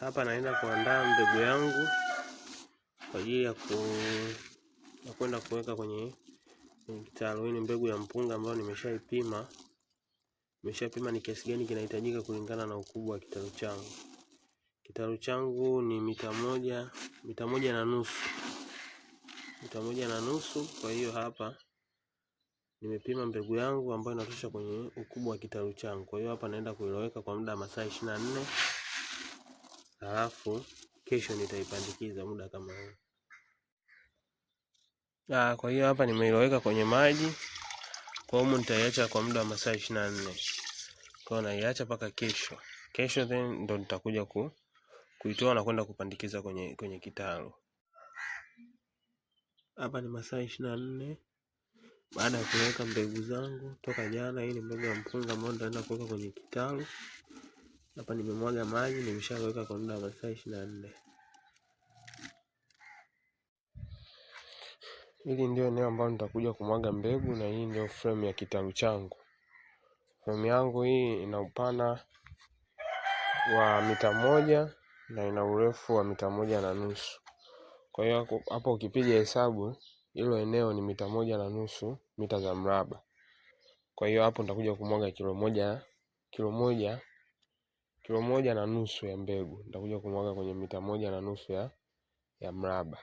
Hapa naenda kuandaa mbegu yangu kwa ajili ya ku kwenda kuweka kwenye kitalu. Hii ni mbegu ya mpunga ambayo nimeshaipima, nimeshapima ni kiasi gani kinahitajika kulingana na ukubwa wa kitalu changu. Kitalu changu ni mita moja, mita moja na nusu, mita moja na nusu. Kwa hiyo hapa nimepima mbegu yangu ambayo inatosha kwenye ukubwa wa kitalu changu. Kwa hiyo hapa naenda kuiloweka kwa muda wa masaa ishirini na nne halafu kesho nitaipandikiza muda kama huu. Ah, kwa hiyo hapa nimeiloweka kwenye maji, kwa humu nitaiacha kwa muda wa masaa ishirini na nne. Kwa hiyo naiacha mpaka kesho. Kesho then ndo nitakuja ku kuitoa na kwenda kupandikiza kwenye kwenye kitalu. Hapa ni masaa ishirini na nne baada ya kuweka mbegu zangu toka jana. Hii ni mbegu ya mpunga ambayo nitaenda kuweka kwenye kitalu. Hapa nimemwaga maji, nimeshaweka kwa muda wa masaa ishirini na nne. Hili ndio eneo ambalo nitakuja kumwaga mbegu, na hii ndio fremu ya kitalu changu. fremu yangu hii ina upana wa mita moja na ina urefu wa mita moja na nusu. Kwa hiyo hapo ukipiga hesabu, hilo eneo ni mita moja na nusu mita za mraba. Kwa hiyo hapo nitakuja kumwaga kilo moja kilo moja kilo moja na nusu ya mbegu nitakuja kumwaga kwenye mita moja na nusu ya, ya mraba.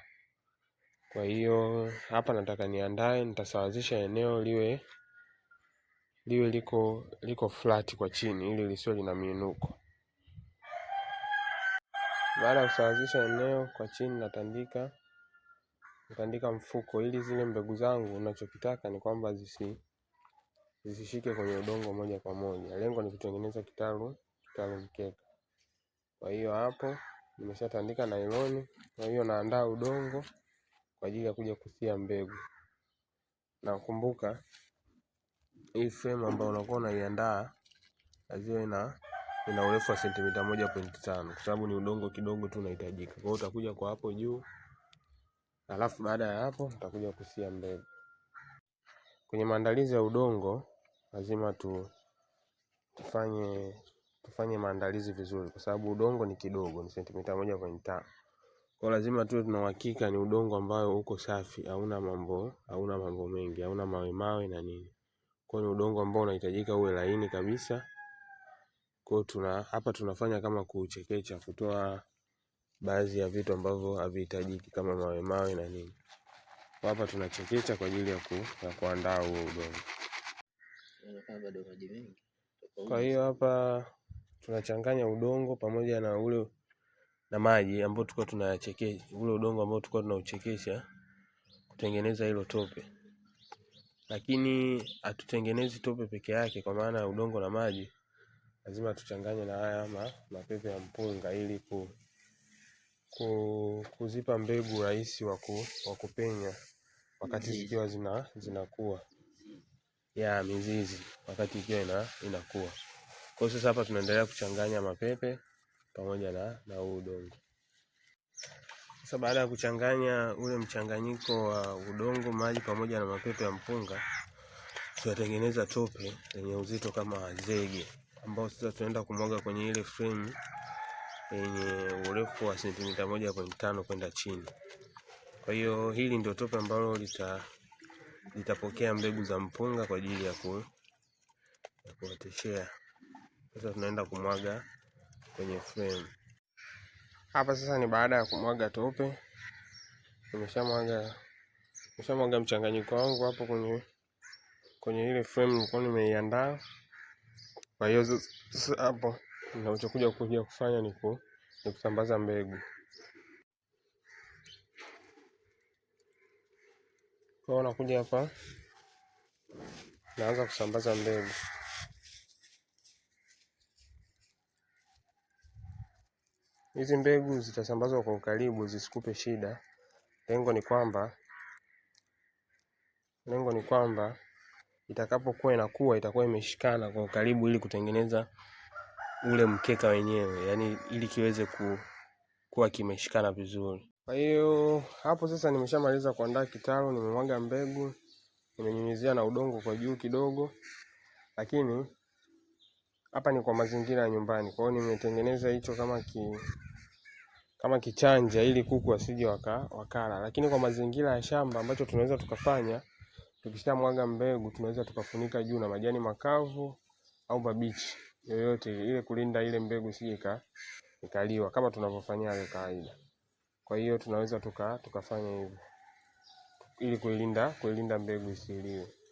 Kwa hiyo hapa nataka niandae, nitasawazisha eneo liwe liwe liko liko flat kwa chini ili lisiwe lina miinuko. Baada ya kusawazisha eneo kwa chini, natandika natandika mfuko ili zile mbegu zangu, ninachokitaka ni kwamba zisi zisishike kwenye udongo moja kwa moja. Lengo ni kutengeneza kitalu kitalo mkeka. Kwa hiyo hapo nimeshatandika nailoni, kwa hiyo naandaa udongo kwa ajili ya kuja kusia mbegu. Na kumbuka hii frame ambayo unakuwa unaiandaa lazima ina ina urefu wa sentimita moja pointi tano kwa sababu ni udongo kidogo tu unahitajika. Kwa hiyo utakuja kwa hapo juu, alafu baada ya hapo utakuja kusia mbegu. Kwenye maandalizi ya udongo lazima tu tufanye tufanye maandalizi vizuri kwa sababu udongo ni kidogo, ni sentimita moja point tano. Kwa lazima tuwe tuna uhakika ni udongo ambao uko safi, hauna mambo, hauna mambo mengi, hauna mawe mawe na nini. Kwa ni udongo ambao unahitajika uwe laini kabisa. Kwa tuna hapa tunafanya kama kuchekecha kutoa baadhi ya vitu ambavyo havihitajiki kama mawe mawe na nini. Kwa hapa tunachekecha kwa ajili ya, ku, ya kuandaa huo udongo. Kwa hiyo hapa tunachanganya udongo pamoja na ule na maji ambayo tulikuwa tunayachekesha, ule udongo ambao tulikuwa tunauchekesha kutengeneza hilo tope. Lakini hatutengenezi tope peke yake, kwa maana ya udongo na maji, lazima tuchanganye na haya ma mapepe ya mpunga ili ku, ku, kuzipa mbegu urahisi wa kupenya wakati zikiwa zina zinakuwa ya mizizi wakati ikiwa ina, inakuwa kwa sasa hapa tunaendelea kuchanganya mapepe pamoja na na udongo. Sasa baada ya kuchanganya ule mchanganyiko wa udongo, maji pamoja na mapepe ya mpunga, tunatengeneza tope lenye uzito kama zege, ambao sasa tunaenda kumwaga kwenye ile frame yenye urefu wa sentimita moja point tano kwenda chini. Kwa hiyo hili ndio tope ambalo lita litapokea mbegu za mpunga kwa ajili ya kuoteshea. Sasa tunaenda kumwaga kwenye frame hapa. Sasa ni baada ya kumwaga tope, nimeshamwaga nimeshamwaga mchanganyiko wangu hapo kwenye kwenye ile frame nilikuwa nimeiandaa. Kwa hiyo sasa hapo ninachokuja kuja kufanya ni ku ni kusambaza mbegu. Kwa hiyo nakuja hapa naanza kusambaza mbegu. Hizi mbegu zitasambazwa kwa ukaribu zisikupe shida. Lengo ni kwamba lengo ni kwamba itakapokuwa inakuwa itakuwa imeshikana kwa ukaribu ili kutengeneza ule mkeka wenyewe, yaani ili kiweze ku, kuwa kimeshikana vizuri. Kwa hiyo hapo sasa nimeshamaliza kuandaa kitalu, nimemwaga mbegu, nimenyunyizia na udongo kwa juu kidogo, lakini hapa ni kwa mazingira ya nyumbani. Kwa hiyo nimetengeneza hicho kama ki kama kichanja ili kuku wasije waka, wakala, lakini kwa mazingira ya shamba ambacho tunaweza tukafanya, mwaga mbegu tunaweza tukafunika juu na majani makavu au mabichi yoyote ile, kulinda ile mbegu isije ikaliwa kama tunavyofanyia leo kawaida. Kwa hiyo tunaweza tuka, tukafanya hivyo ili kuilinda kuilinda mbegu isiliwe.